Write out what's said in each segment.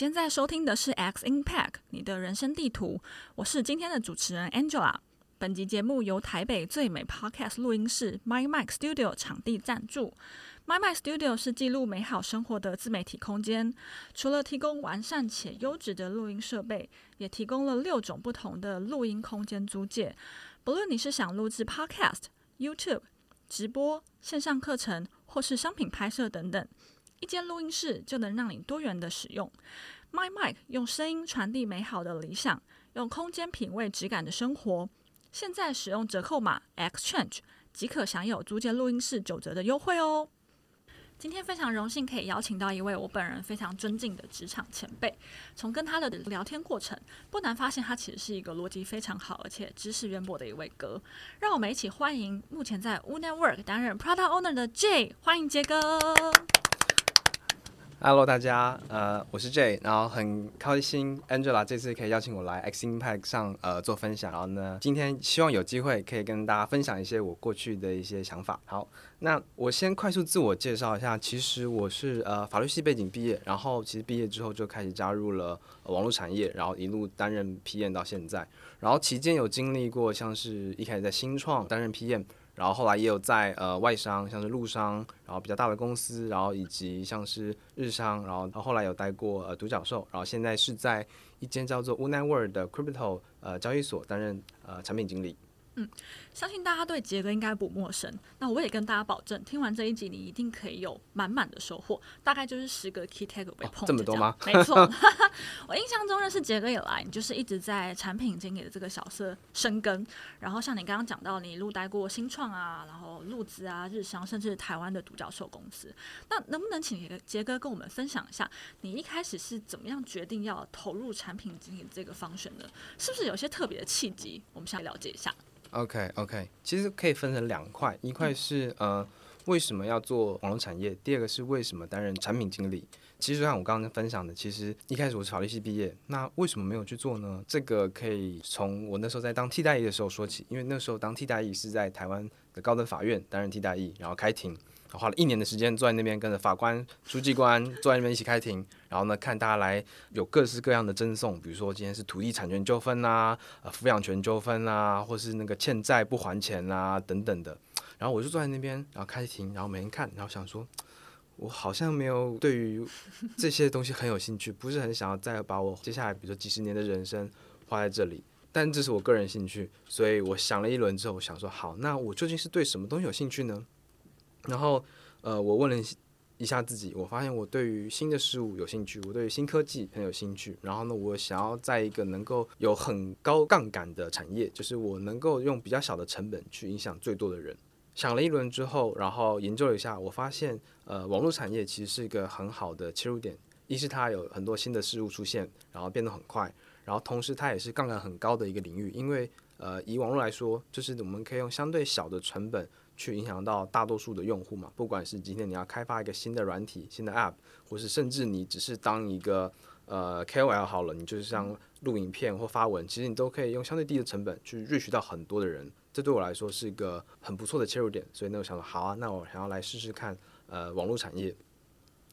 現在收聽的是《X Impact》，你的人生地圖。我是今天的主持人 Angela。本集節目由台北最美 Podcast 錄音室 MicMind Studio 場地贊助。MicMind Studio 是記錄美好生活的自媒體空間，除了提供完善且優質的錄音設備，也提供了六種不同的錄音空間租借。不論你是想錄制 Podcast、YouTube 直播、線上課程，或是商品拍攝等等。一間錄音室就能讓你多元的使用 MicMind，用聲音傳遞美好的理想，用空間品味質感的生活。現在使用折扣碼 XChange 即可享有租借錄音室九折的優惠哦！今天非常榮幸可以邀請到一位我本人非常尊敬的職場前輩，從跟他的聊天過程，不難發現他其實是一個邏輯非常好而且知識淵博的一位哥。讓我們一起歡迎目前在 WOO Network 擔任 Product Owner 的 Jay，歡迎杰哥！Hello，大家，呃，我是 Jay, 然後很開心 Angela 這次可以邀請我來 X Impact 上呃做分享，然後呢，今天希望有機會可以跟大家分享一些我過去的一些想法。好，那我先快速自我介紹一下，其實我是呃法律系背景畢業，然後其實畢業之後就開始加入了網絡產業，然後一路擔任 PM 到現在，然後期間有經歷過像是一開始在新創擔任 PM。然後後來也有在呃外商，像是陸商，然後比較大的公司，然後以及像是日商，然後後來有待過呃獨角獸，然後現在是在一間叫做 WOO Network 的 Crypto 呃交易所擔任呃產品經理。嗯，相信大家對杰哥應該不陌生。那我也跟大家保證，聽完這一集，你一定可以有滿滿的收穫，大概就是十個 key takeaway point 這樣,、哦、這麼多嗎？沒錯錯。 我印象中認識杰哥以來，你就是一直在產品經理的這個角色深耕。然後像你剛剛講到，你一路待過新創啊，然後陸資啊，日商，甚至台灣的獨角獸公司。那能不能請杰哥跟我們分享一下，你一開始是怎麼樣決定要投入產品經理這個方向的？是不是有些特別的契機？我們想了解一下。OK OK，其實可以分成兩塊，一塊是呃為什麼要做網絡產業，第二個是為什麼擔任產品經理。其實像我剛剛分享的，其實一開始我是法律系畢業，那為什麼沒有去做呢？這個可以從我那時候在當替代役的時候說起，因為那時候當替代役是在台灣的高等法院擔任替代役，然後開庭。花了一年的時間坐在那邊跟着法官、書記官坐在那邊一起開庭，然後呢，看大家來有各式各樣的爭訟，比如說今天是土地產權糾紛啊、撫養權糾紛啊，或是那個欠債不還錢啊等等的。然後我就坐在那邊，然後開庭，然後沒人看，然後想說，我好像沒有對於這些東西很有興趣，不是很想要再把我接下來比如說幾十年的人生花在這裡。但這是我個人興趣，所以我想了一輪之後，我想說好，那我究竟是對什麼東西有興趣呢？然後，呃，我問了一下自己，我發現我對於新的事物有興趣，我對於新科技很有興趣。然後呢，我想要在一個能夠有很高槓桿的產業，就是我能夠用比較小的成本去影響最多的人。想了一輪之後，然後研究了一下，我發現，呃，網絡產業其實是一個很好的切入點。一是它有很多新的事物出現，然後變得很快，然後同時它也是槓桿很高的一個領域，因為，呃，以網絡來說，就是我們可以用相對小的成本。去影響到大多數的用戶嘛。不管是今天你要開發一個新的軟體、新的 App，或是甚至你只是當一個呃 KOL 好了，你就是像錄影片或發文，其實你都可以用相對低的成本去 r 取到很多的人。這對我來說是一個很不錯的切入點，所以那我想說好啊，那我想要來試試看呃網絡產業。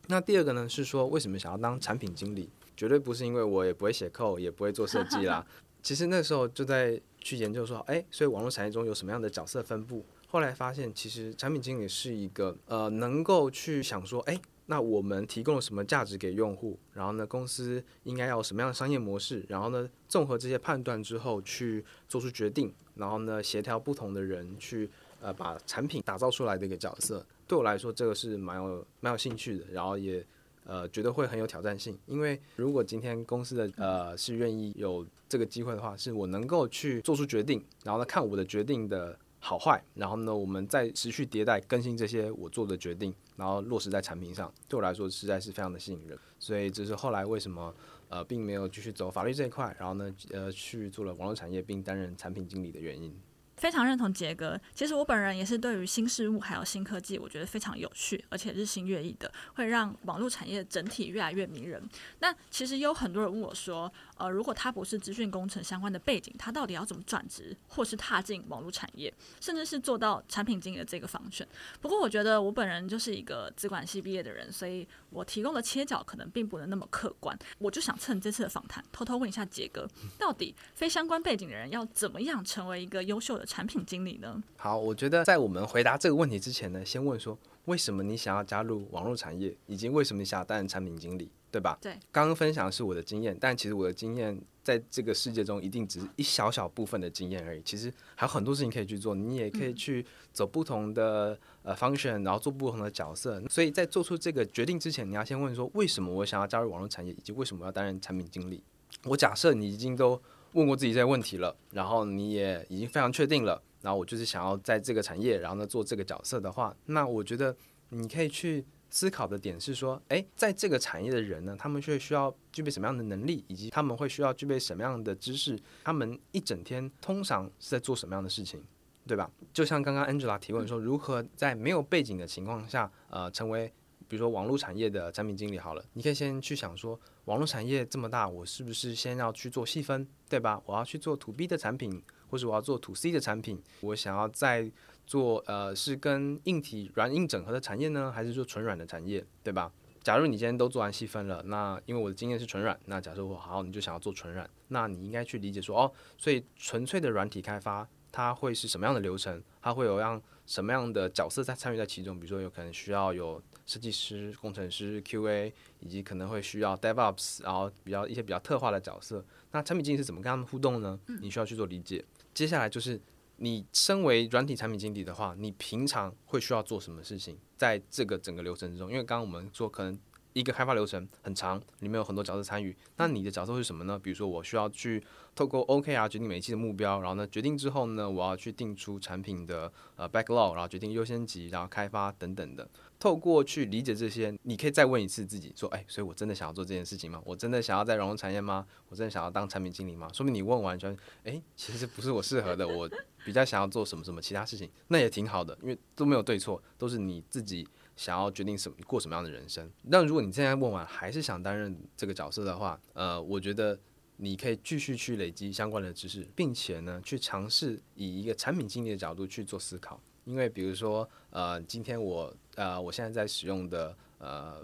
那第二個呢是說，為什麼想要當產品經理？絕對不是因為我也不會寫 code，也不會做設計啦。 其實那時候就在去研究說，哎，所以網絡產業中有什麼樣的角色分布？後來發現，其實產品經理是一個呃，能夠去想說，哎，那我們提供了什麼價值給用戶？然後呢，公司應該要什麼樣的商業模式？然後呢，綜合這些判斷之後去做出決定，然後呢，協調不同的人去呃，把產品打造出來的一個角色。對我來說，這個是蠻有蠻有興趣的，然後也呃，覺得會很有挑戰性。因為如果今天公司的呃是願意有這個機會的話，是我能夠去做出決定，然後呢，看我的決定的。好壞，然後呢，我們再持續迭代更新這些我做的決定，然後落實在產品上，對我來說實在是非常的吸引人，所以這是後來為什麼呃並沒有繼續走法律這一塊，然後呢呃去做了網絡產業，並擔任產品經理的原因。非常認同傑哥。其實我本人也是對於新事物還有新科技，我覺得非常有趣，而且日新月異的，會讓網絡產業整體越來越迷人。那其實有很多人問我說，呃，如果他不是資訊工程相關的背景，他到底要怎麼轉職，或是踏進網絡產業，甚至是做到產品經理的這個方向？不過我覺得我本人就是一個資管系畢業的人，所以我提供的切角可能並不能那麼客觀。我就想趁這次的訪談，偷偷問一下傑哥，到底非相關背景的人要怎麼樣成為一個優秀的？產品經理呢？好，我覺得在我們回答這個問題之前呢，先問說為什麼你想要加入網絡產業，以及為什麼你想要擔任產品經理，對吧？對。剛剛分享的是我的經驗，但其實我的經驗在這個世界中一定只是一小小部分的經驗而已。其實還有很多事情可以去做，你也可以去走不同的、嗯、呃 function，然後做不同的角色。所以在做出這個決定之前，你要先問說為什麼我想要加入網絡產業，以及為什麼要擔任產品經理。我假設你已經都。問過自己這些問題了，然後你也已經非常確定了。然後我就是想要在這個產業，然後呢做這個角色的話，那我覺得你可以去思考的點是說，誒，在這個產業的人呢，他們卻需要具備什麼樣的能力，以及他們會需要具備什麼樣的知識，他們一整天通常是在做什麼樣的事情，對吧？就像剛剛 Angela 提問說，嗯，如何在沒有背景的情況下，呃，成為？比如說網絡產業的產品經理好了，你可以先去想說，網絡產業這麼大，我是不是先要去做細分，對吧？我要去做 to B 的產品，或是我要做 to C 的產品？我想要在做呃，是跟硬體軟硬整合的產業呢，還是做純軟的產業，對吧？假如你今天都做完細分了，那因為我的經驗是純軟，那假設我好，你就想要做純軟，那你應該去理解說，哦，所以純粹的軟體開發，它會是什麼樣的流程？它會有讓什麼樣的角色在參與在其中？比如說有可能需要有。設計師、工程師、QA，以及可能會需要 DevOps，然後比較一些比較特化的角色。那產品經理是怎麼跟他們互動呢？你需要去做理解。嗯，接下來就是你身為軟體產品經理的話，你平常會需要做什麼事情？在這個整個流程之中，因為剛剛我們說可能，一個開發流程很長，裡面有很多角色參與。那你的角色是什麼呢？比如說，我需要去透過 OKR 決定每一期的目標，然後呢，決定之後呢，我要去定出產品的呃 backlog，然後決定優先級，然後開發等等的。透過去理解這些，你可以再問一次自己：說，哎，所以我真的想要做這件事情嗎？我真的想要在軟體產業嗎？我真的想要當產品經理嗎？說不定你問完全，哎，其實不是我適合的，我比較想要做什麼什麼其他事情，那也挺好的，因為都沒有對錯，都是你自己。想要決定什麼過什麼樣的人生？那如果你現在問完還是想擔任這個角色的話，呃，我覺得你可以繼續去累積相關的知識，並且呢，去嘗試以一個產品經理的角度去做思考。因為比如說，呃，今天我呃，我現在在使用的呃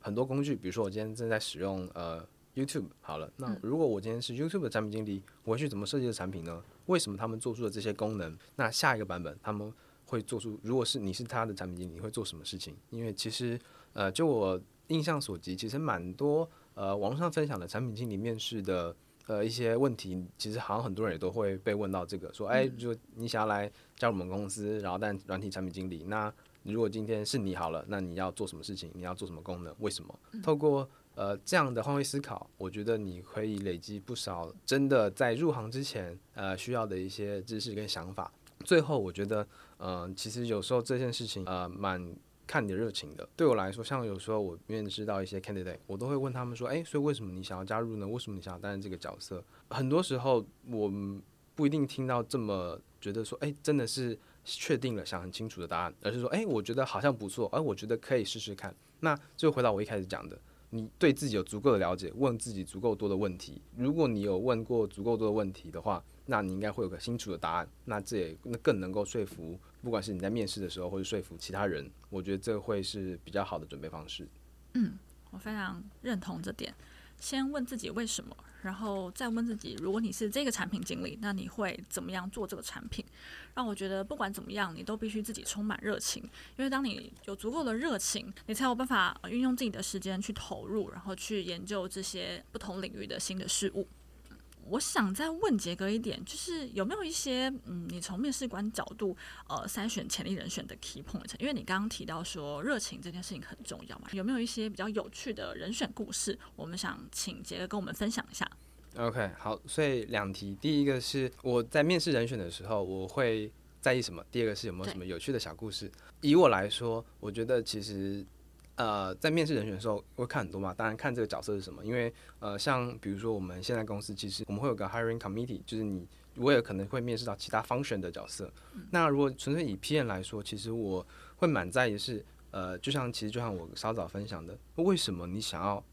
很多工具，比如說我今天正在使用呃 YouTube。好了，那如果我今天是 YouTube 的產品經理，我會去怎麼設計的產品呢？為什麼他們做出了這些功能？那下一個版本他們？會做出，如果是你是他的產品經理，你會做什麼事情？因為其實，呃，就我印象所及，其實蠻多呃網上分享的產品經理面試的呃一些問題，其實好像很多人也都會被問到這個，說，哎、欸，如果你想要來加入我們公司，然後擔任軟體產品經理，那你如果今天是你好了，那你要做什麼事情？你要做什麼功能？為什麼？透過呃這樣的換位思考，我覺得你可以累積不少真的在入行之前呃需要的一些知識跟想法。最後，我覺得。嗯、呃，其實有時候這件事情，呃，蠻看你的熱情的。對我來說，像有時候我面試到一些 candidate，我都會問他們說，哎，所以為什麼你想要加入呢？為什麼你想要擔任這個角色？很多時候，我不一定聽到這麼覺得說，哎，真的是確定了，想很清楚的答案，而是說，哎，我覺得好像不錯，哎、呃，我覺得可以試試看。那就回到我一開始講的。你對自己有足夠的了解，問自己足夠多的問題。如果你有問過足夠多的問題的話，那你應該會有個清楚的答案。那這也更能夠說服，不管是你在面試的時候，或是說服其他人。我覺得這會是比較好的準備方式。嗯，我非常認同這點。先問自己為什麼，然後再問自己，如果你是這個產品經理，那你會怎麼樣做這個產品？讓我覺得不管怎麼樣，你都必須自己充滿熱情，因為當你有足夠的熱情，你才有辦法運用自己的時間去投入，然後去研究這些不同領域的新的事物。我想再問杰哥一點，就是有沒有一些嗯，你從面試官角度呃篩選潛力人選的 key point？因為，你剛剛提到說熱情這件事情很重要嘛，有沒有一些比較有趣的人選故事？我們想請杰哥跟我們分享一下。OK，好，所以兩題，第一個是我在面試人選的時候我會在意什麼，第二個是有沒有什麼有趣的小故事。對以我來說，我覺得其實。呃，在面試人選的時候會看很多嘛，當然看這個角色是什麼，因為呃，像比如說我們現在公司其實我們會有個 hiring committee，就是你我也可能會面試到其他 function 的角色。嗯、那如果純粹以 PM 來說，其實我會蠻在意的是呃，就像其實就像我稍早分享的，為什麼你想要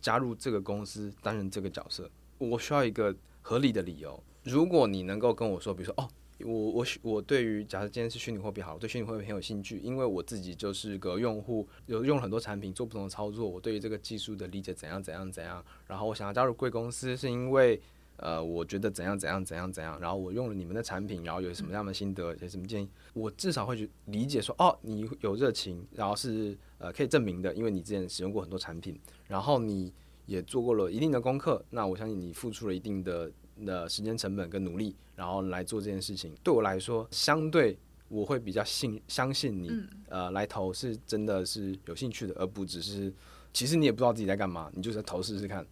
加入這個公司擔任這個角色？我需要一個合理的理由。如果你能夠跟我說，比如說哦。我我我對於假設今天是虛擬貨幣好，我對虛擬貨幣很有興趣，因為我自己就是個用戶，有用很多產品做不同的操作，我對於這個技術的理解怎樣怎樣怎樣。然後我想要加入貴公司，是因為呃，我覺得怎樣怎樣怎樣怎樣。然後我用了你們的產品，然後有什麼樣的心得，有什麼建議，我至少會去理解說，哦，你有熱情，然後是呃可以證明的，因為你之前使用過很多產品，然後你也做過了一定的功課，那我相信你付出了一定的。的時間成本跟努力，然後來做這件事情，對我來說，相對我會比較信相信你，嗯、呃，來投是真的是有興趣的，而不只是，其實你也不知道自己在幹嘛，你就是投試試看。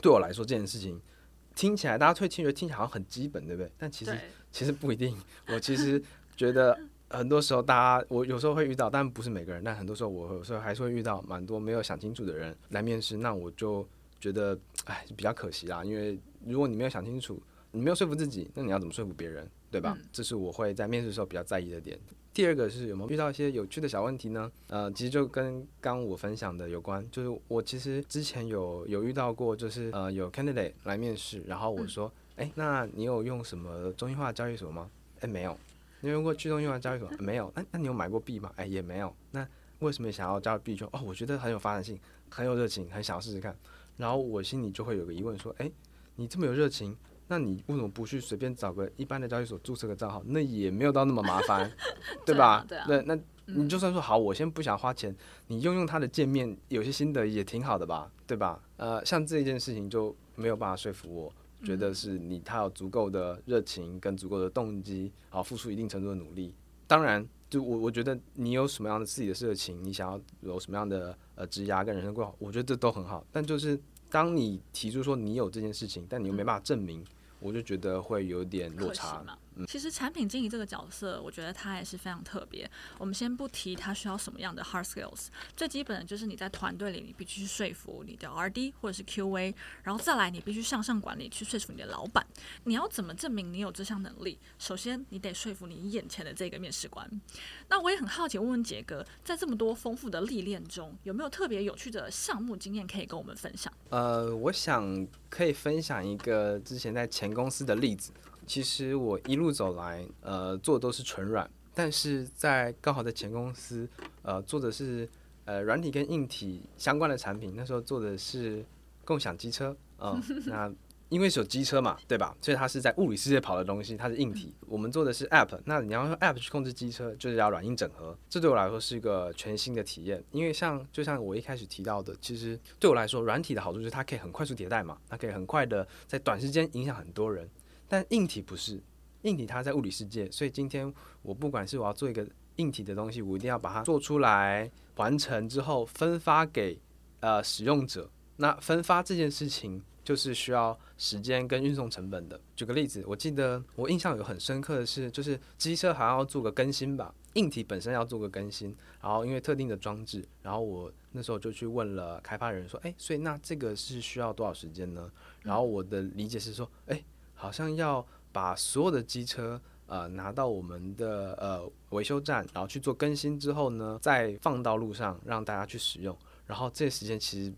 對我來說，這件事情聽起來大家退聽覺得聽起來好像很基本，對不對？但其實對其實不一定。我其實覺得很多時候，大家我有時候會遇到，但不是每個人，但很多時候我有時候還是會遇到蠻多沒有想清楚的人來面試，那我就。覺得唉，比較可惜啦，因為如果你沒有想清楚，你沒有說服自己，那你要怎麼說服別人，對吧？嗯、這是我會在面試的時候比較在意的點。第二個是有沒有遇到一些有趣的小問題呢？呃，其實就跟剛我分享的有關，就是我其實之前有有遇到過，就是呃有 candidate 來面試，然後我說哎、嗯欸，那你有用什麼中心化交易所嗎？哎、欸，沒有，你有用過去中心化交易所、欸、沒有？那、欸、那你有買過幣嗎？哎、欸，也沒有。那為什麼想要加入幣圈？哦，我覺得很有發展性，很有熱情，很想要試試看。然後我心裡就會有個疑問，說：“哎，你這麼有熱情，那你為什麼不去隨便找個一般的交易所注冊個賬號？那也沒有到那麼麻煩， 對吧？對、啊，對啊。對，那那，你就算說好，嗯、我先不想花錢，你用用他的界面，有些心得也挺好的吧？對吧？呃，像這件事情就沒有辦法說服我，嗯、覺得是你他有足夠的熱情跟足夠的動機，好付出一定程度的努力，當然。”就我我覺得你有什麼樣的自己的事情，你想要有什麼樣的呃職涯跟人生規劃，我覺得這都很好。但就是當你提出說你有這件事情，但你又沒辦法證明，嗯、我就覺得會有點落差。其實產品經理這個角色，我覺得他也是非常特別。我們先不提他需要什麼樣的 hard skills，最基本的就是你在團隊裡，你必須說服你的 RD 或者是 QA，然後再來你必須向上管理去說服你的老闆。你要怎麼證明你有這項能力？首先，你得說服你眼前的這個面試官。那我也很好奇，問問傑哥，在這麼多豐富的歷練中，有沒有特別有趣的項目經驗可以跟我們分享？呃，我想可以分享一個之前在前公司的例子。其實我一路走來，呃，做的都是純軟，但是在剛好在前公司，呃，做的是呃軟體跟硬體相關的產品。那時候做的是共享機車，嗯、呃，那因為是有機車嘛，對吧？所以它是在物理世界跑的東西，它是硬體。我們做的是 App，那你要用 App 去控制機車，就是要軟硬整合。這對我來說是一個全新的體驗，因為像就像我一開始提到的，其實對我來說，軟體的好處就是它可以很快速迭代嘛，它可以很快的在短時間影響很多人。但硬體不是硬體，它在物理世界，所以今天我不管是我要做一個硬體的東西，我一定要把它做出來，完成之後分發給呃使用者。那分發這件事情就是需要時間跟運送成本的。舉個例子，我記得我印象有很深刻的是，就是機車還要做個更新吧，硬體本身要做個更新，然後因為特定的裝置，然後我那時候就去問了開發人說，欸，所以那這個是需要多少時間呢？然後我的理解是說，欸，好像要把所有的機車呃拿到我們的呃維修站，然後去做更新之後呢，再放到路上讓大家去使用。然後這時間其實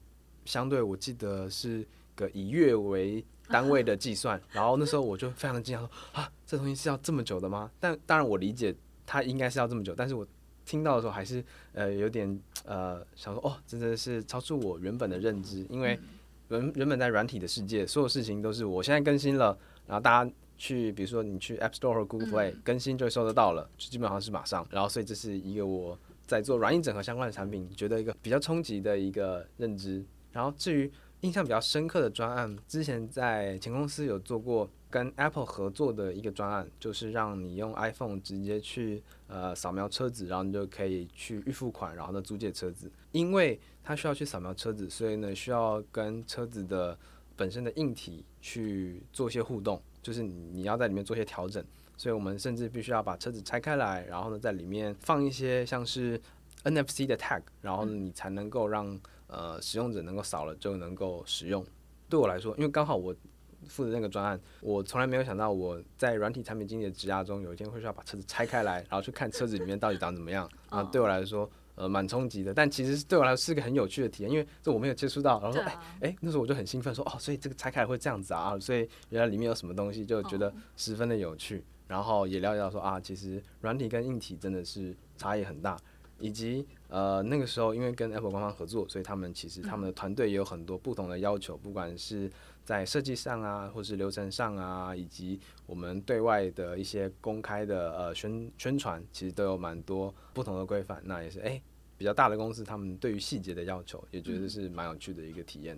相對，我記得是個以月為單位的計算。啊、然後那時候我就非常的驚訝說 啊，這東西是要這麼久的嗎？但當然我理解它應該是要這麼久，但是我聽到的時候還是呃有點呃想說哦，真的是超出我原本的認知，因為原原、嗯、本在軟體的世界，所有事情都是我現在更新了。然後大家去，比如說你去 App Store 和 Google Play 更新，就收得到了，嗯、就基本上是馬上。然後所以這是一個我在做軟硬整合相關的產品，覺得一個比較衝擊的一個認知。然後至於印象比較深刻的專案，之前在前公司有做過跟 Apple 合作的一個專案，就是讓你用 iPhone 直接去呃掃描車子，然後你就可以去預付款，然後呢租借車子。因為它需要去掃描車子，所以呢需要跟車子的本身的硬體。去做一些互動，就是你要在裡面做一些調整，所以我們甚至必須要把車子拆開來，然後呢，在裡面放一些像是 NFC 的 tag，然後呢你才能夠讓呃使用者能夠掃了就能夠使用。對我來說，因為剛好我負責那個專案，我從來沒有想到我在軟體產品經理的職涯中有一天會需要把車子拆開來，然後去看車子裡面到底長怎麼樣啊。對我來說。 嗯呃，蠻衝擊的，但其實對我來說是個很有趣的體驗，因為這我沒有接觸到。然後說，哎哎、啊欸欸，那時候我就很興奮，說哦，所以這個拆開會這樣子啊，所以原來裡面有什麼東西，就覺得十分的有趣。Oh. 然後也了解到說啊，其實軟體跟硬體真的是差異很大，以及。呃，那個時候因為跟 Apple 官方合作，所以他們其實他們的團隊也有很多不同的要求，不管是在設計上啊，或是流程上啊，以及我們對外的一些公開的呃宣宣傳，其實都有蠻多不同的規範。那也是哎、欸，比較大的公司，他們對於細節的要求也覺得是蠻有趣的一個體驗。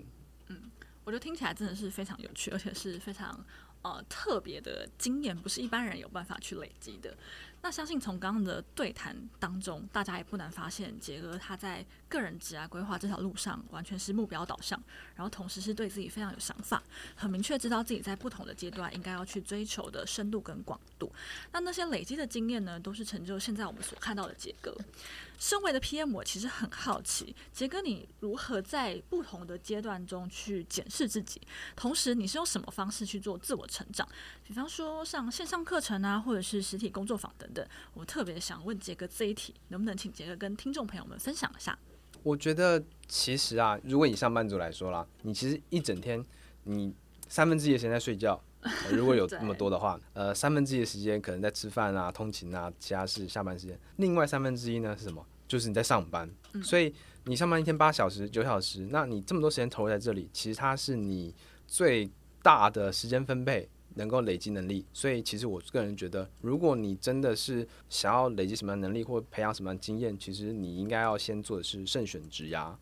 嗯，我覺得聽起來真的是非常有趣，而且是非常呃特別的經驗，不是一般人有辦法去累積的。那相信從剛剛的對談當中，大家也不難發現，杰哥他在個人職涯規劃這條路上完全是目標導向，然後同時是對自己非常有想法，很明確知道自己在不同的階段應該要去追求的深度跟廣度。那那些累積的經驗呢，都是成就現在我們所看到的杰哥。身為的 PM，我其實很好奇，傑哥你如何在不同的階段中去檢視自己？同時，你是用什麼方式去做自我成長？比方說，像線上課程啊，或者是實體工作坊等等。我特別想問傑哥這一題，能不能請傑哥跟聽眾朋友們分享一下？我覺得其實啊，如果你上班族來說啦，你其實一整天，你三分之一的時間在睡覺。呃、如果有那麼多的話，對呃，三分之一的時間可能在吃飯啊、通勤啊、其他事、下班時間。另外三分之一呢是什麼？就是你在上班。所以你上班一天八小時、九小時，那你這麼多時間投入在這裡，其實它是你最大的時間分配，能夠累積能力。所以其實我個人覺得，如果你真的是想要累積什麼樣能力或培養什麼樣經驗，其實你應該要先做的是慎選職涯。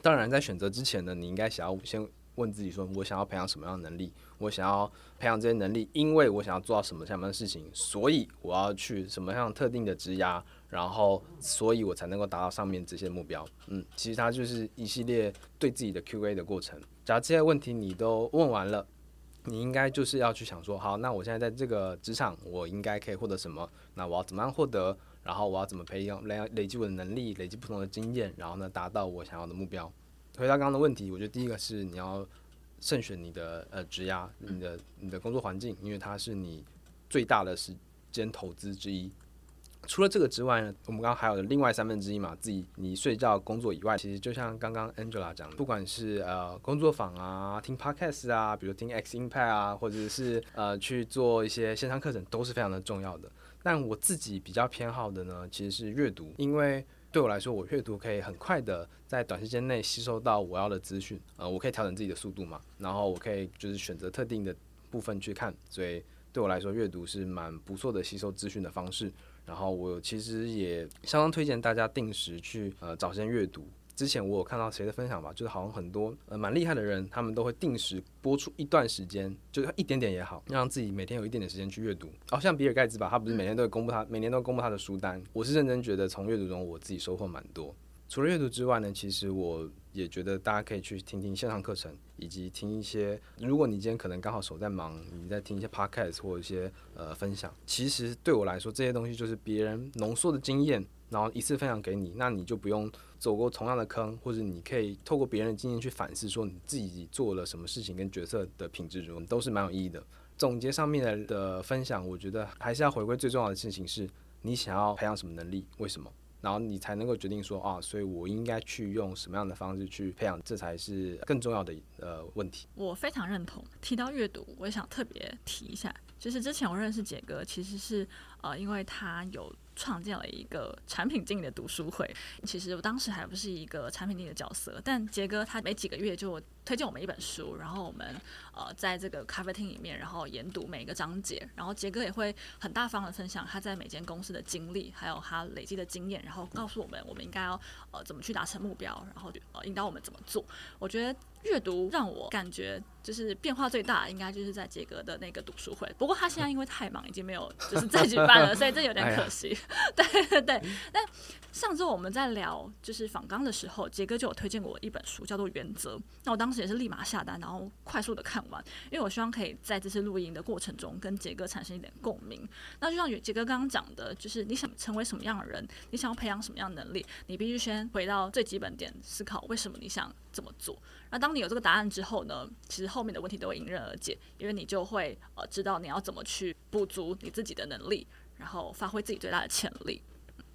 當然，在選擇之前呢，你應該想要先。問自己說：“我想要培養什麼樣的能力？我想要培養這些能力，因為我想要做到什麼什麼樣的事情，所以我要去什麼樣特定的職涯，然後，所以我才能夠達到上面這些目標。嗯，其實它就是一系列對自己的 Q&A 的過程。假如這些問題你都問完了，你應該就是要去想說：好，那我現在在這個職場，我應該可以獲得什麼？那我要怎麼樣獲得？然後我要怎麼培養、累累積我的能力、累積不同的經驗，然後呢，達到我想要的目標。”回答剛剛的問題，我覺得第一個是你要慎選你的呃職涯，你的你的工作環境，因為它是你最大的時間投資之一。除了這個之外呢，我們剛剛還有另外三分之一嘛，自己你睡覺、工作以外，其實就像剛剛 Angela 講的，不管是呃工作坊啊、聽 Podcast 啊，比如聽 X Impact 啊，或者是呃去做一些線上課程，都是非常的重要的。但我自己比較偏好的呢，其實是閱讀，因為。對我來說，我閱讀可以很快的在短時間內吸收到我要的資訊。呃，我可以調整自己的速度嘛，然後我可以就是選擇特定的部分去看。所以對我來說，閱讀是蠻不錯的吸收資訊的方式。然後我其實也相當推薦大家定時去呃早先閱讀。之前我有看到誰的分享吧，就是好像很多呃蠻厲害的人，他們都會定時播出一段時間，就是一點點也好，讓自己每天有一點點時間去閱讀。好、哦、像比爾蓋茨吧，他不是每天都會公布他、嗯、每年都公布他的書單。我是認真覺得從閱讀中我自己收穫蠻多。除了閱讀之外呢，其實我也覺得大家可以去聽聽線上課程，以及聽一些。如果你今天可能剛好手在忙，你在聽一些 podcast 或者一些呃分享，其實對我來說這些東西就是別人濃縮的經驗，然後一次分享給你，那你就不用。走過同樣的坑，或者你可以透過別人的經驗去反思，說你自己做了什麼事情跟角色的品質如何，都是蠻有意義的。總結上面的的分享，我覺得還是要回歸最重要的事情是，是你想要培養什麼能力，為什麼，然後你才能夠決定說啊，所以我應該去用什麼樣的方式去培養，這才是更重要的呃問題。我非常認同。提到閱讀，我想特別提一下，就是之前我認識杰哥，其實是呃因為他有。創建了一個產品經理的讀書會。其實我當時還不是一個產品經理的角色，但傑哥他沒幾個月就。推薦我們一本書，然後我們呃在這個咖啡廳裡面，然後研讀每一個章節，然後杰哥也會很大方的分享他在每間公司的經歷，還有他累積的經驗，然後告訴我們我們應該要呃怎麼去達成目標，然後呃引導我們怎麼做。我覺得閱讀讓我感覺就是變化最大，應該就是在杰哥的那個讀書會。不過他現在因為太忙， 已經沒有就是再舉辦了，所以這有點可惜。對、 哎、呀 對，那上周我們在聊就是訪綱的時候，杰哥就有推薦過一本書，叫做《原則》。那我當。當時也是立馬下單，然後快速的看完，因為我希望可以在這次錄音的過程中跟杰哥產生一點共鳴。那就像杰哥剛剛講的，就是你想成為什麼樣的人，你想要培養什麼樣的能力，你必須先回到最基本點，思考為什麼你想這麼做。那當你有這個答案之後呢，其實後面的問題都會迎刃而解，因為你就會呃知道你要怎麼去補足你自己的能力，然後發揮自己最大的潛力。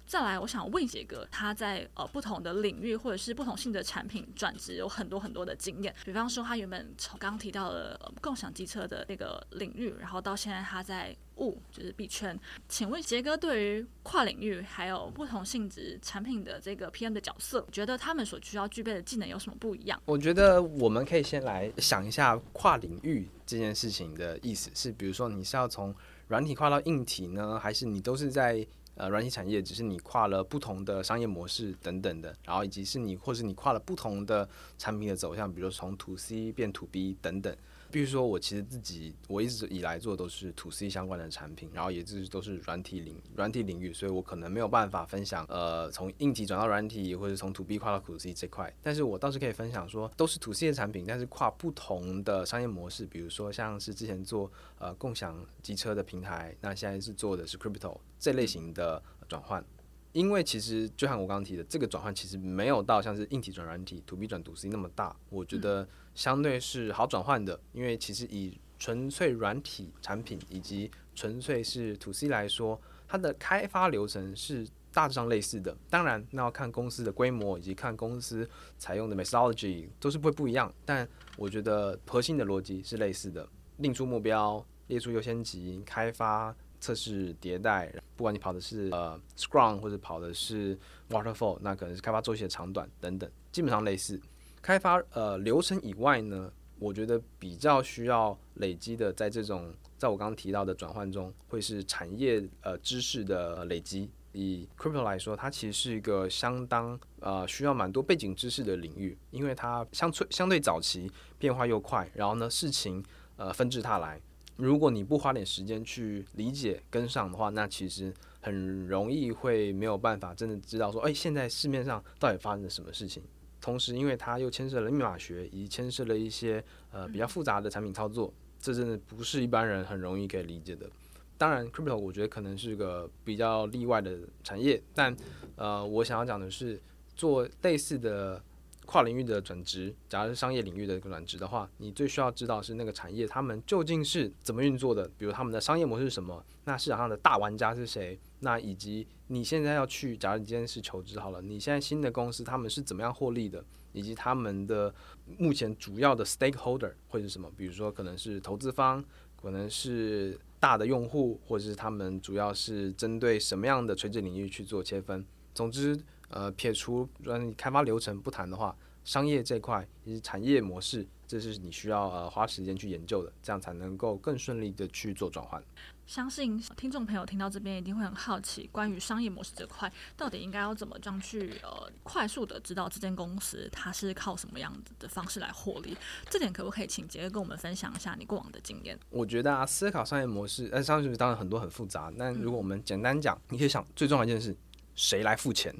再來，我想問杰哥，他在呃不同的領域或者是不同性質的產品轉職有很多很多的經驗，比方說他原本從剛剛提到了、呃、共享機車的那個領域，然後到現在他在 WOO 就是幣圈。請問杰哥對於跨領域還有不同性質產品的這個 PM 的角色，你覺得他們所需要具備的技能有什麼不一樣？我覺得我們可以先來想一下跨領域這件事情的意思，是比如說你是要從軟體跨到硬體呢，還是你都是在？呃，軟體產業只是你跨了不同的商業模式、等等的，然後以及是你或是你跨了不同的產品的走向，比如說從 To C 變 To B 等等。比如說，我其實自己我一直以來做的都是 To C 相關的產品，然後也就是都是軟體領軟體領域，所以我可能沒有辦法分享呃從硬體轉到軟體，或者從 To B 跨到 To C 這塊，但是我倒是可以分享說都是 To C 的產品，但是跨不同的商業模式，比如說像是之前做呃共享機車的平台，那現在是做的是 Crypto 這類型的轉換，因為其實就像我剛剛提的，這個轉換其實沒有到像是硬體轉軟體，To B 轉 To C 那麼大，我覺得、嗯。相對是好轉換的，因為其實以純粹軟體產品以及純粹是 To C 來說，它的開發流程是大致上類似的。當然，那要看公司的規模以及看公司採用的 Methodology 都是不會不一樣，但我覺得核心的邏輯是類似的。定出目標，列出優先級，開發、測試、迭代，不管你跑的是呃 Scrum 或者跑的是 Waterfall，那可能是開發週期的長短等等，基本上類似。開發呃流程以外呢，我覺得比較需要累積的，在這種在我剛剛提到的轉換中，會是產業呃知識的累積。以 Crypto 來說，它其實是一個相當呃需要蠻多背景知識的領域，因為它相對相對早期變化又快，然後呢事情呃紛至沓來。如果你不花點時間去理解跟上的話，那其實很容易會沒有辦法真的知道說，哎，現在市面上到底發生了什麼事情。同時，因為它又牽涉了密碼學，以及牽涉了一些呃比較複雜的產品操作，這真的不是一般人很容易可以理解的。當然，Crypto 我覺得可能是個比較例外的產業，但呃，我想要講的是做類似的跨領域的轉職，假如是商業領域的轉職的話，你最需要知道是那個產業他們究竟是怎麼運作的，比如他們的商業模式是什麼，那市場上的大玩家是誰。那以及你現在要去，假如你今天是求職好了，你現在新的公司他們是怎麼樣獲利的，以及他們的目前主要的 stakeholder 會是什麼，比如說可能是投資方，可能是大的用戶，或者是他們主要是針對什麼樣的垂直領域去做切分。總之，呃，撇除軟體開發流程不談的話，商業這塊以及產業模式。這是你需要呃花時間去研究的，這樣才能夠更順利的去做轉換。相信聽眾朋友聽到這邊一定會很好奇，關於商業模式這塊，到底應該要怎麼這樣去呃快速的知道這間公司它是靠什麼樣子的方式來獲利？這點可不可以請杰跟我們分享一下你過往的經驗？我覺得啊，思考商業模式，呃，商業模式當然很多很複雜，那如果我們簡單講，你可以想最重要的一件事，誰來付錢？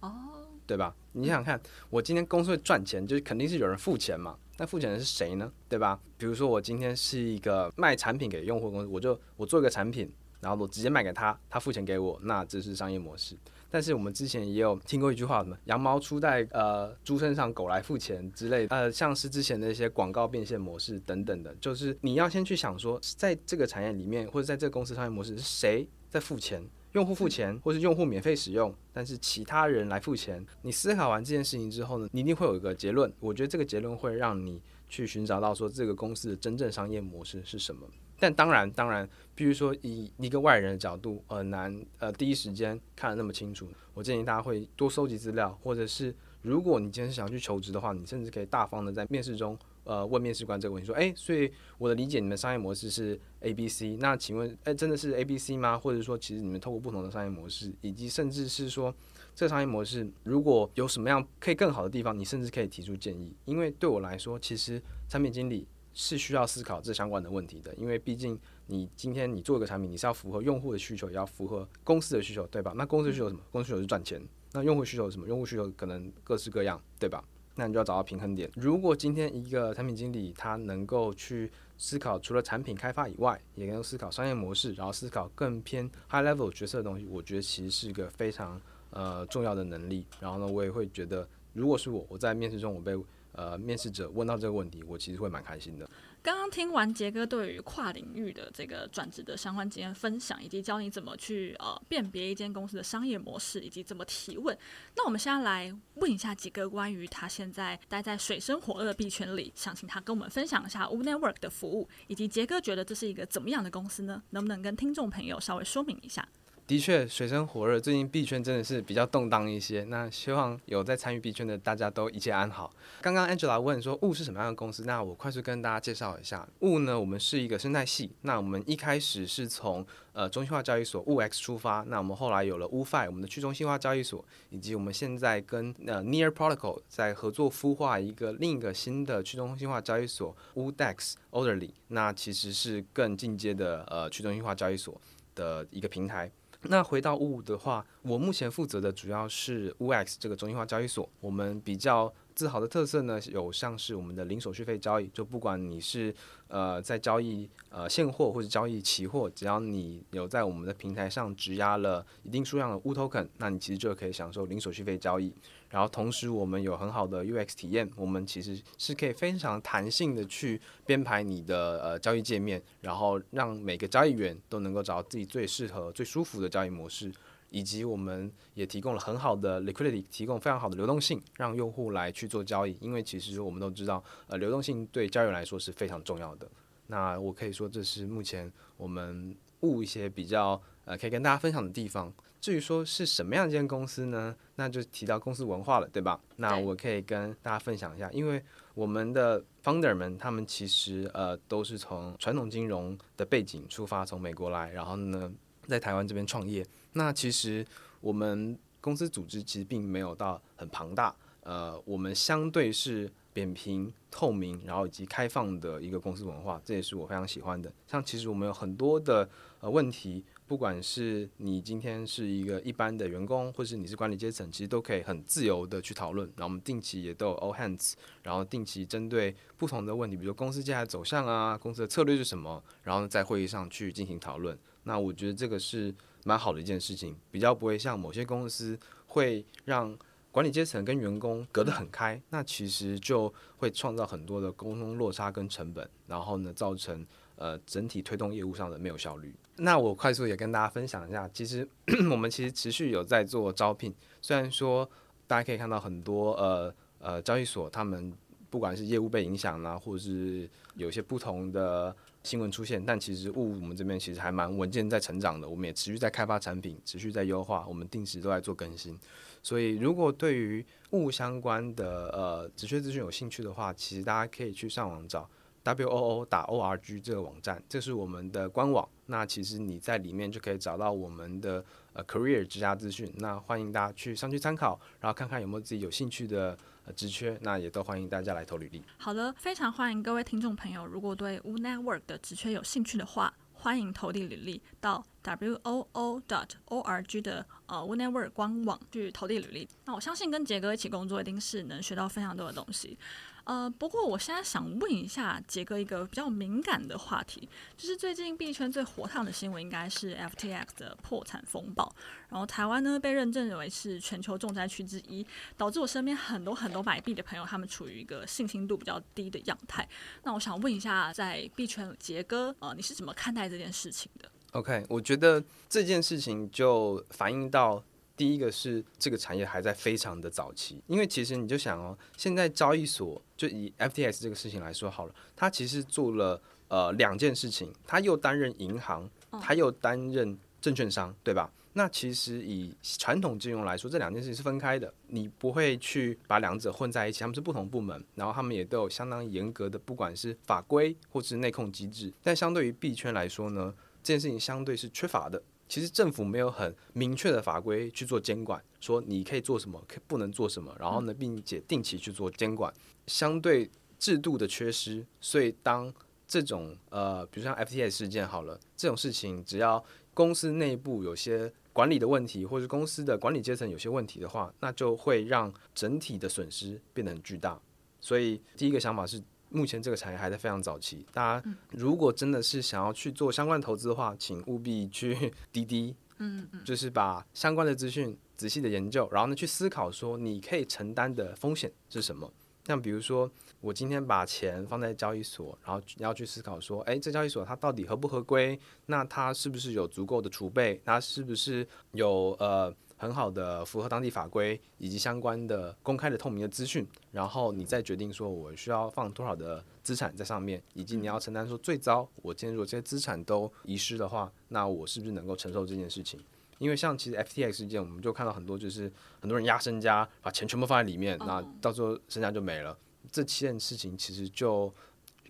哦，對吧？你想想看，嗯、我今天公司會賺錢，就是肯定是有人付錢嘛。那付錢的是誰呢？對吧？比如說我今天是一個賣產品給用戶公司，我就我做一個產品，然後我直接賣給他，他付錢給我，那這是商業模式。但是我們之前也有聽過一句話嘛，“羊毛出在呃豬身上，狗來付錢”之類的，呃，像是之前的一些廣告變現模式等等的，就是你要先去想說，在這個產業裡面或者在這個公司商業模式是誰在付錢。用戶付錢，或是用戶免費使用，但是其他人來付錢。你思考完這件事情之後呢，你一定會有一個結論。我覺得這個結論會讓你去尋找到說這個公司的真正商業模式是什麼。但當然，當然，必須說以一個外人的角度，很、呃、難呃第一時間看得那麼清楚。我建議大家會多搜集資料，或者是如果你今天想去求職的話，你甚至可以大方的在面試中。呃，問面試官這個問題說，哎，所以我的理解，你們商業模式是 A、B、C，那請問，哎，真的是 A、B、C 嗎？或者說，其實你們透過不同的商業模式，以及甚至是說，這商業模式如果有什麼樣可以更好的地方，你甚至可以提出建議。因為對我來說，其實產品經理是需要思考這相關的問題的，因為畢竟你今天你做一個產品，你是要符合用戶的需求，也要符合公司的需求，對吧？那公司需求什麼？公司需求是賺錢。那用戶需求什麼？用戶需求可能各式各樣，對吧？那你就要找到平衡點。如果今天一個產品經理他能夠去思考除了產品開發以外，也能思考商業模式，然後思考更偏 high level 角色的東西，我覺得其實是一個非常呃重要的能力。然後呢，我也會覺得，如果是我，我在面試中我被呃面試者問到這個問題，我其實會蠻開心的。剛剛聽完傑哥對於跨領域的這個轉職的相關經驗分享，以及教你怎麼去呃辨別一間公司的商業模式，以及怎麼提問。那我們現在來問一下傑哥關於他現在待在水深火熱的幣圈裡，想請他跟我們分享一下 WOO Network 的服務，以及傑哥覺得這是一個怎麼樣的公司呢？能不能跟聽眾朋友稍微說明一下？的確水深火熱，最近幣圈真的是比較動盪一些。那希望有在參與幣圈的大家都一切安好。剛剛 Angela 問說 WOO 是什麼樣的公司，那我快速跟大家介紹一下。WOO 呢，我們是一個生態系。那我們一開始是從呃中心化交易所 WOO X 出發，那我們後來有了 WOOFi，我們的去中心化交易所，以及我們現在跟呃 Near Protocol 在合作孵化一個另一個新的去中心化交易所 WOO Dex Orderly。那其實是更進階的呃去中心化交易所的一個平台。那回到 WOO 的話，我目前負責的主要是 WOO X 這個中心化交易所。我們比較自豪的特色呢，有像是我們的零手續費交易，就不管你是呃在交易呃現貨或者交易期貨，只要你有在我們的平台上質押了一定數量的 WOO Token，那你其實就可以享受零手續費交易。然後，同時我們有很好的 UX 體驗，我們其實是可以非常彈性的去編排你的呃交易界面，然後讓每個交易員都能夠找到自己最適合、最舒服的交易模式，以及我們也提供了很好的 liquidity，提供非常好的流動性，讓用戶來去做交易。因為其實我們都知道，呃，流動性對交易員來說是非常重要的。那我可以說，這是目前我們 WOO 一些比較呃可以跟大家分享的地方。至於說是什麼樣一間公司呢？那就提到公司文化了，對吧？那我可以跟大家分享一下，對因為我們的 founder 們他們其實呃都是從傳統金融的背景出發，從美國來，然後呢在台灣這邊創業。那其實我們公司組織其實並沒有到很龐大，呃，我們相對是扁平、透明，然後以及開放的一個公司文化，這也是我非常喜歡的。像其實我們有很多的呃問題。不管是你今天是一個一般的員工，或者是你是管理階層，其實都可以很自由的去討論。然後我們定期也都有 all hands，然後定期針對不同的問題，比如說公司接下來走向啊，公司的策略是什麼，然後在會議上去進行討論。那我覺得這個是蠻好的一件事情，比較不會像某些公司會讓管理階層跟員工隔得很開，那其實就會創造很多的溝通落差跟成本，然後呢造成。呃，整體推動業務上的沒有效率。那我快速也跟大家分享一下，其實 我們其實持續有在做招聘。雖然說大家可以看到很多呃呃交易所他們不管是業務被影響啦、啊，或者是有些不同的新聞出現，但其實 WOO 我們這邊其實還蠻穩健在成長的。我們也持續在開發產品，持續在優化，我們定時都在做更新。所以如果對於 WOO 相關的呃職缺資訊有興趣的話，其實大家可以去上網找。WOO 打 ORG 這個，網站，這是我們的官網。那其實你在裡面就可以找到我們的呃 career 職涯資訊。那歡迎大家去上去參考，然後看看有沒有自己有興趣的呃職缺。那也都歡迎大家來投履歷。好的，非常歡迎各位聽眾朋友，如果對 WOO Network 的職缺有興趣的話，歡迎投遞履歷到 WOO 打 ORG 的呃 WOO Network 官網去投遞履歷。那我相信跟杰哥一起工作，一定是能學到非常多的東西。呃，不過我現在想問一下杰哥一個比較敏感的話題，就是最近幣圈最火燙的新聞應該是 FTX 的破產風暴，然後台灣呢被認證認為是全球重災區之一，導致我身邊很多很多買幣的朋友他們處於一個信心度比較低的樣態。那我想問一下，在幣圈杰哥，呃，你是怎麼看待這件事情的？OK，我覺得這件事情就反映到。第一個是這個產業還在非常的早期，因為其實你就想哦，現在交易所就以 FTX 這個事情來說好了，它其實做了呃兩件事情，它又擔任銀行，它又擔任證券商，對吧？哦。那其實以傳統金融來說，這兩件事情是分開的，你不會去把兩者混在一起，他們是不同部門，然後他們也都有相當嚴格的，不管是法規或是內控機制，但相對於幣圈來說呢，這件事情相對是缺乏的。其實政府沒有很明確的法規去做監管，說你可以做什麼，可不能做什麼。然後呢，並且定期去做監管，相對制度的缺失。所以當這種呃，比如像 FTX 事件好了這種事情，只要公司內部有些管理的問題，或者是公司的管理階層有些問題的話，那就會讓整體的損失變得很巨大。所以第一個想法是。目前這個產業還在非常早期，大家如果真的是想要去做相關投資的話，請務必去滴滴，嗯嗯，就是把相關的資訊仔細的研究，然後呢，去思考說你可以承擔的風險是什麼。像比如說，我今天把錢放在交易所，然後要去思考說，誒，這交易所它到底合不合規？那它是不是有足夠的儲備？它是不是有呃？很好的符合當地法規以及相關的公開的透明的資訊，然後你再決定說我需要放多少的資產在上面，以及你要承擔說最糟我今天如果這些資產都遺失的話，那我是不是能夠承受這件事情？因為像其實 FTX 事件，我們就看到很多就是很多人壓身家把錢全部放在裡面，那到時候身家就沒了。這件事情其實就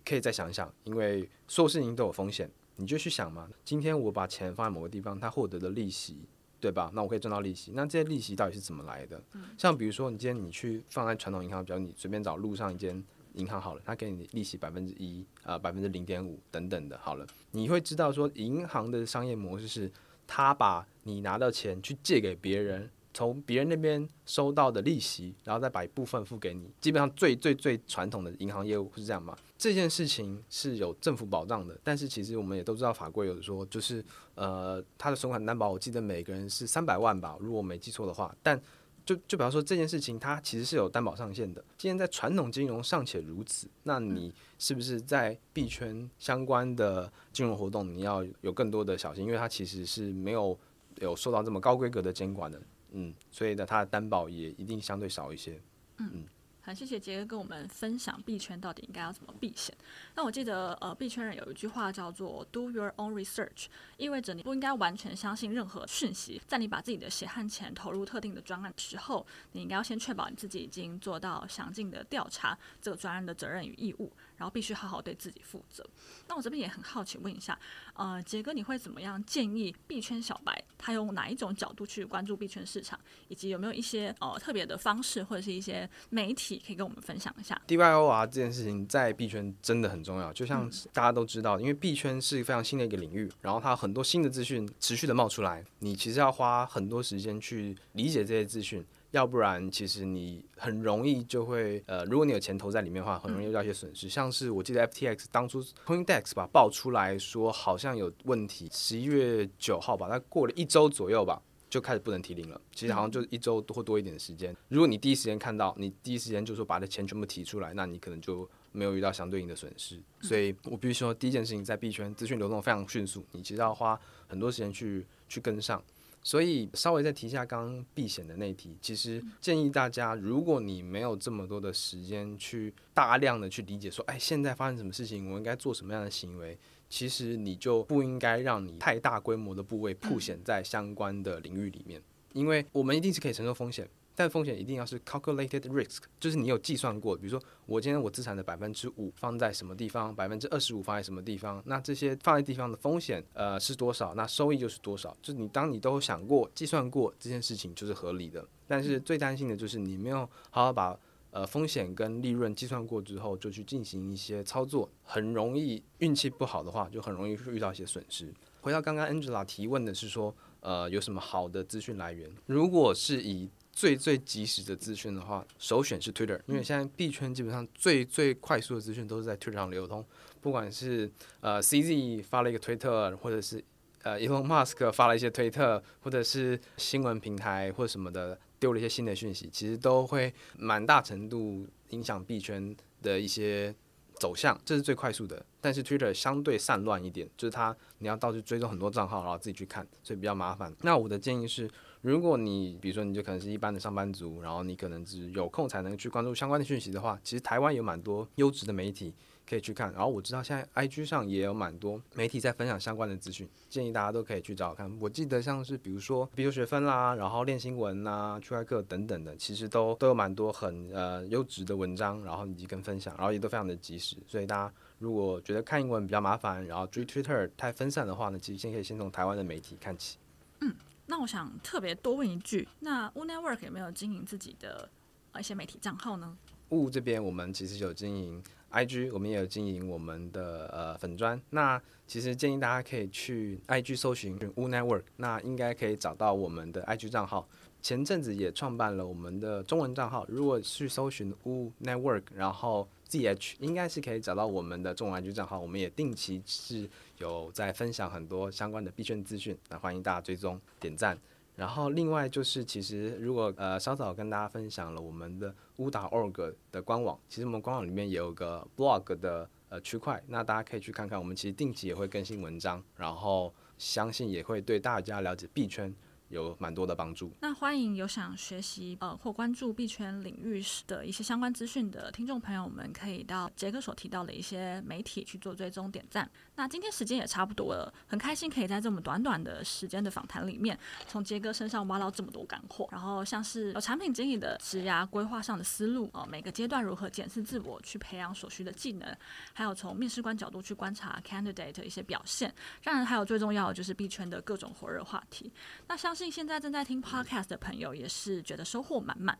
可以再想想，因為所有事情都有風險，你就去想嘛。今天我把錢放在某個地方，它獲得的利息。對吧？那我可以賺到利息。那這些利息到底是怎麼來的？像比如說，你今天你去放在傳統銀行，比如你隨便找路上一間銀行好了，他給你利息百分之一啊，百分之零點五等等的。好了，你會知道說，銀行的商業模式是，他把你拿到錢去借給別人。從別人那邊收到的利息，然後再把一部分付給你，基本上最最最傳統的銀行業務是這樣嘛？這件事情是有政府保障的，但是其實我們也都知道，法規有說，就是呃，它的存款擔保，我記得每個人是三百萬吧，如果我沒記錯的話。但就就比方說這件事情，它其實是有擔保上限的。既然在傳統金融尚且如此，那你是不是在幣圈相關的金融活動，你要有更多的小心，因為它其實是沒有有受到這麼高規格的監管的。嗯，所以呢，它的擔保也一定相對少一些。嗯嗯，好，謝謝傑哥跟我們分享幣圈到底應該要怎麼避險。那我記得呃，幣圈人有一句話叫做 “do your own research”，意味着你不應該完全相信任何訊息。在你把自己的血汗錢投入特定的專案的時候，你應該要先確保你自己已經做到詳盡的調查這個專案的責任與義務。然後必須好好對自己負責。那我這邊也很好奇，問一下，呃，杰哥，你會怎麼樣建議幣圈小白，他用哪一種角度去關注幣圈市場，以及有沒有一些呃特別的方式或者是一些媒體可以跟我們分享一下？DYOR 啊，這件事情在幣圈真的很重要，就像大家都知道，因為幣圈是非常新的一個領域，然後它很多新的資訊持續的冒出來，你其實要花很多時間去理解這些資訊。要不然，其實你很容易就會，呃，如果你有錢投在裡面的話，很容易遇到一些損失。嗯，像是我記得 FTX 當初 Coindex 吧，爆出來說好像有問題，十一月九號吧，它過了一周左右吧，就開始不能提零了。其實好像就一周會多，多一點的時間。如果你第一時間看到，你第一時間就說把這錢全部提出來，那你可能就沒有遇到相對應的損失。所以我必須說，第一件事情在幣圈資訊流動非常迅速，你其實要花很多時間去去跟上。所以稍微再提一下剛剛避險的那一題，其實建議大家，如果你沒有這麼多的時間去大量的去理解說，哎，現在發生什麼事情，我應該做什麼樣的行為，其實你就不應該讓你太大規模的部位曝險在相關的領域裡面，因為我們一定是可以承受風險。但風險一定要是 calculated risk，就是你有計算過，比如說我今天我資產的百分之五放在什麼地方，百分之二十五放在什麼地方，那這些放在地方的風險呃是多少，那收益就是多少。就是你當你都想過、計算過這件事情，就是合理的。但是最擔心的就是你沒有好好把呃風險跟利潤計算過之後，就去進行一些操作，很容易運氣不好的話，就很容易遇到一些損失。回到剛剛 Angela 提問的是說，呃，有什麼好的資訊來源？如果是以最最及時的資訊的話，首選是 Twitter，因為現在幣圈基本上最最快速的資訊都是在 Twitter 上流通。不管是呃 CZ 發了一個推特，或者是呃、e、Elon Musk 發了一些推特，或者是新聞平台或者什麼的丟了一些新的訊息，其實都會蠻大程度影響幣圈的一些走向，這是最快速的。但是 Twitter 相對散亂一點，就是它你要到處追蹤很多賬號，然後自己去看，所以比較麻煩。那我的建議是。如果你比如說你就可能是一般的上班族，然後你可能只是有空才能去關注相關的訊息的話，其實台灣有蠻多優質的媒體可以去看。然後我知道現在 I G 上也有蠻多媒體在分享相關的資訊，建議大家都可以去找找看。我記得像是比如說，幣修學分啦，然後鏈新聞吶，區塊客等等的，其實都都有蠻多很呃優質的文章，然後以及跟分享，然後也都非常的及時。所以大家如果覺得看英文比較麻煩，然後追 Twitter 太分散的話呢，其實先可以先從台灣的媒體看起。嗯。那我想特別多問一句，那 WOO Network 有沒有經營自己的呃一些媒體賬號呢？WOO 這邊我們其實有經營 I G，我們也有經營我們的呃粉專。那其實建議大家可以去 I G 搜尋，尋 WOO Network，那應該可以找到我們的 I G 賬號。前陣子也創辦了我們的中文賬號，如果去搜尋 WOO Network，然後。zh 應該是可以找到我們的中文玩局賬號，我們也定期是有在分享很多相關的幣圈資訊，那歡迎大家追蹤點讚。然後另外就是，其實如果呃稍早跟大家分享了我們的 WOO.org 的官網，其實我們官網裡面也有個 blog 的呃區塊，那大家可以去看看。我們其實定期也會更新文章，然後相信也會對大家了解幣圈有蠻多的幫助。那歡迎有想學習呃或關注幣圈領域的一些相關資訊的聽眾朋友們，可以到傑哥所提到的一些媒體去做追蹤點讚。那今天時間也差不多了，很開心可以在這麼短短的時間的訪談裡面，從傑哥身上挖到這麼多乾貨。然後像是有產品經理的職涯規劃上的思路呃，每個階段如何檢視自我，去培養所需的技能，還有從面試官角度去觀察 candidate 的一些表現。當然還有最重要的就是幣圈的各種火熱話題。那相相信現在正在聽 Podcast 的朋友也是覺得收穫滿滿。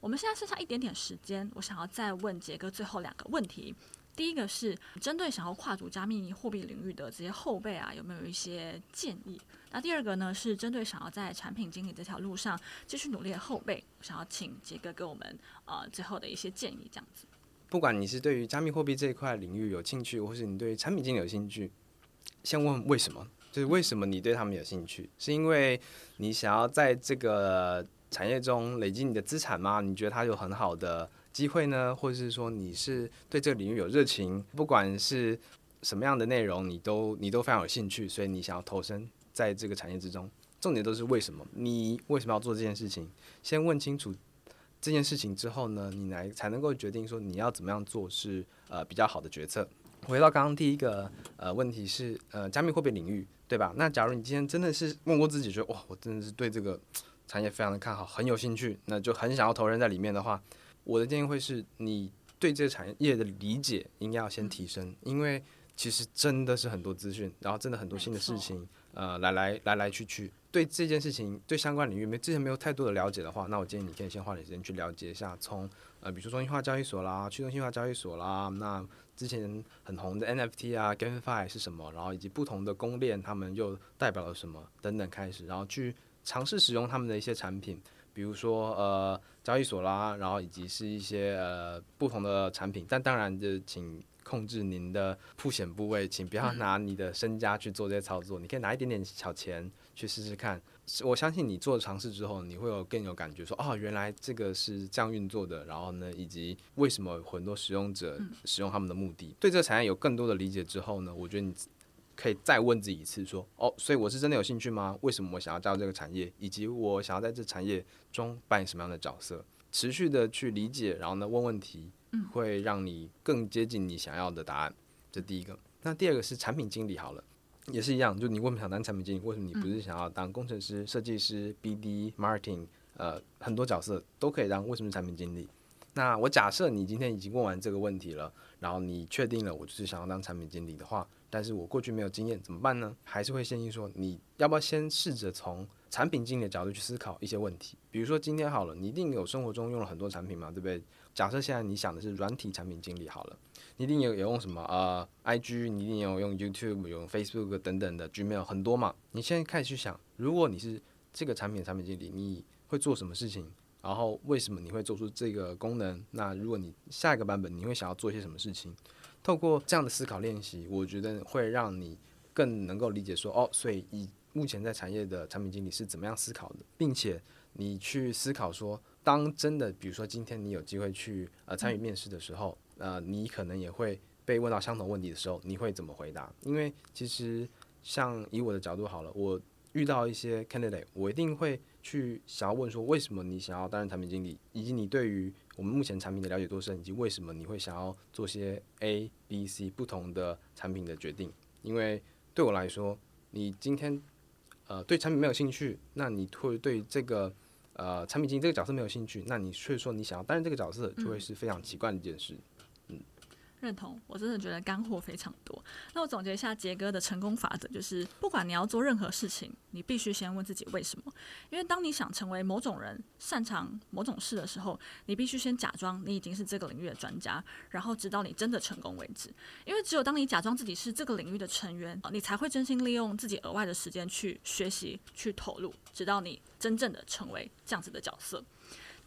我們現在剩下一點點時間，我想要再問杰哥最後兩個問題。第一個是針對想要跨足加密貨幣領域的這些後輩啊，有沒有一些建議？那第二個呢，是針對想要在產品經理這條路上繼續努力的後輩，想要請杰哥給我們呃、啊、最後的一些建議，這樣子。不管你是對於加密貨幣這一塊領域有興趣，或是你對產品經理有興趣，先問為什麼。就是為什麼你對他們有興趣？是因為你想要在這個產業中累積你的資產嗎？你覺得他有很好的機會呢？或者是說你是對這個領域有熱情？不管是什麼樣的內容，你都你都非常有興趣，所以你想要投身在這個產業之中。重點都是為什麼？你為什麼要做這件事情？先問清楚這件事情之後呢，你來才能夠決定說你要怎麼樣做是呃比較好的決策。回到剛剛第一個呃問題是呃加密貨幣領域。對吧？那假如你今天真的是問過自己說，哇，我真的是對這個產業非常的看好，很有興趣，那就很想要投身在裡面的話，我的建議會是，你對這個產業的理解應該要先提升，因為其實真的是很多資訊，然後真的很多新的事情，沒錯。呃，來來來來去去。對這件事情，對相關領域沒之前沒有太多的了解的話，那我建議你可以先花點時間去了解一下從，從呃，比如說中心化交易所啦、去中心化交易所啦，那之前很紅的 NFT 啊、GameFi 是什麼，然後以及不同的公鏈他們又代表了什麼等等開始，然後去嘗試使用他們的一些產品，比如說呃交易所啦，然後以及是一些呃不同的產品。但當然就請控制您的曝險部位，請不要拿你的身家去做這些操作，嗯、你可以拿一點點小錢。去試試看，我相信你做嘗試之後，你會有更有感覺說，說哦，原來這個是這樣運作的。然後呢，以及為什麼有很多使用者使用他們的目的，嗯、對這個產業有更多的理解之後呢，我覺得你可以再問自己一次說，說哦，所以我是真的有興趣嗎？為什麼我想要加入這個產業？以及我想要在這產業中扮演什麼樣的角色？持續的去理解，然後呢，問問題，會讓你更接近你想要的答案。嗯、這第一個，那第二個是產品經理好了。也是一樣，就你為什麼想當產品經理？為什麼你不是想要當工程師、設計師、BD、marketing？呃，很多角色都可以當。為什麼是產品經理？那我假設你今天已經問完這個問題了，然後你確定了我就是想要當產品經理的話，但是我過去沒有經驗怎麼辦呢？還是會建議說，你要不要先試着從產品經理的角度去思考一些問題？比如說今天好了，你一定有生活中用了很多產品嘛，對不對？假設現在你想的是軟體產品經理好了。你一定有有用什麼啊？呃，IG 你一定有用 YouTube，用 Facebook 等等的 Gmail 很多嘛。你現在開始去想，如果你是這個產品的產品經理，你會做什麼事情？然後為什麼你會做出這個功能？那如果你下一個版本，你會想要做些什麼事情？透過這樣的思考練習，我覺得會讓你更能夠理解說哦，所以以目前在產業的產品經理是怎麼樣思考的，並且你去思考說，當真的比如說今天你有機會去呃參與面試的時候。嗯呃，你可能也會被問到相同問題的時候，你會怎麼回答？因為其實像以我的角度好了，我遇到一些 candidate，我一定會去想要問說，為什麼你想要擔任產品經理，以及你對於我們目前產品的了解多深，以及為什麼你會想要做些 A、B、C 不同的產品的決定？因為對我來說，你今天呃對產品沒有興趣，那你會對這個呃產品經理這個角色沒有興趣，那你卻說你想要擔任這個角色，就會是非常奇怪的一件事。嗯認同，我真的覺得乾貨非常多。那我總結一下杰哥的成功法則，就是不管你要做任何事情，你必須先問自己為什麼。因為當你想成為某種人、擅長某種事的時候，你必須先假裝你已經是這個領域的專家，然後直到你真的成功為止。因為只有當你假裝自己是這個領域的成員，你才會真心利用自己額外的時間去學習、去投入，直到你真正的成為這樣子的角色。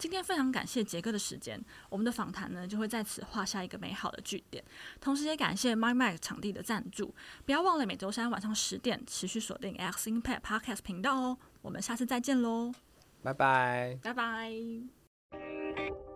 今天非常感謝傑哥的時間，我們的訪談呢就會在此畫下一個美好的句點。同時也感謝 MicMind 場地的贊助，不要忘了每週三晚上十點持續鎖定 X Impact Podcast 頻道哦。我們下次再見嘍，拜拜，拜拜。